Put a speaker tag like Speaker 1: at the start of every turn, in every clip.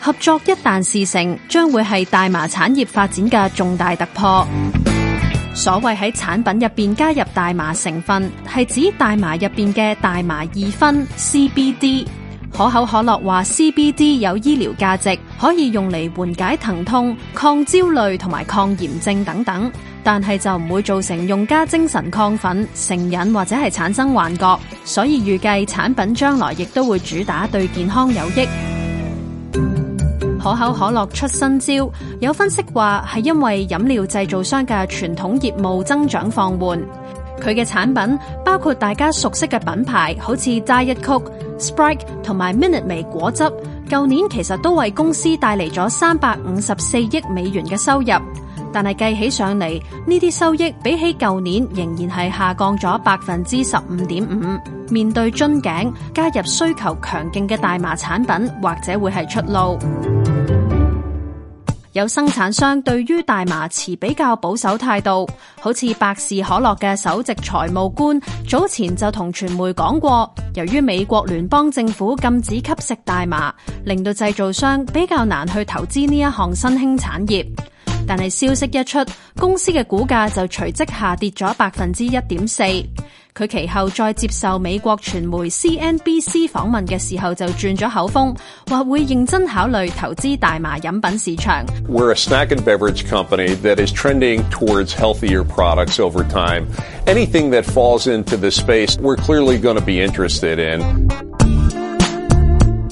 Speaker 1: 合作一旦事成，將會係大麻產業發展嘅重大突破。所謂喺產品入邊加入大麻成分，係指大麻入邊嘅大麻二酚 （CBD）。可口可樂話 CBD 有醫療價值，可以用嚟緩解疼痛、抗焦慮同埋抗炎症等等，但係就唔會造成用家精神亢奮、成癮或者係產生幻覺。所以預計產品將來亦都會主打對健康有益。可口可樂出新招，有分析話係因為飲料製造商嘅傳統業務增長放緩。佢嘅產品包括大家熟悉嘅品牌，好似 Diet Coke、Sprite 同埋 Minute Maid 果汁，舊年其實都為公司帶嚟咗三百五十四億美元嘅收入。但係計起上嚟，呢啲收益比起舊年仍然係下降咗百分之十五點五。面對樽頸，加入需求強勁嘅大麻產品，或者會係出路。有生產商對於大麻持比較保守態度，好似百事可樂嘅首席財務官早前就同傳媒講過，由於美國聯邦政府禁止吸食大麻，令到製造商比較難去投資呢一項新興產業。但係消息一出，公司嘅股價就隨即下跌咗百分之一點四。佢其後再接受美國傳媒 CNBC 訪問嘅時候，就轉咗口風，話會認真考慮投資大麻飲品市場。We're a snack and beverage company that is trending towards healthier products over time. Anything that falls into this space, we're clearly going to be interested in.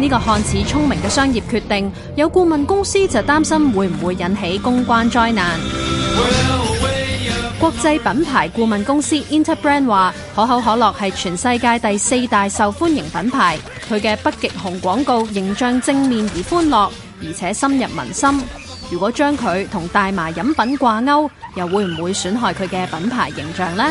Speaker 1: 呢個看似聰明嘅商業決定，有顧問公司就擔心會唔會引起公關災難。國際品牌顧問公司 Interbrand 話，可口可樂係全世界第四大受歡迎品牌，佢嘅北極熊廣告形象正面而歡樂，而且深入民心。如果將佢同大麻飲品掛鈎，又會唔會損害佢嘅品牌形象呢？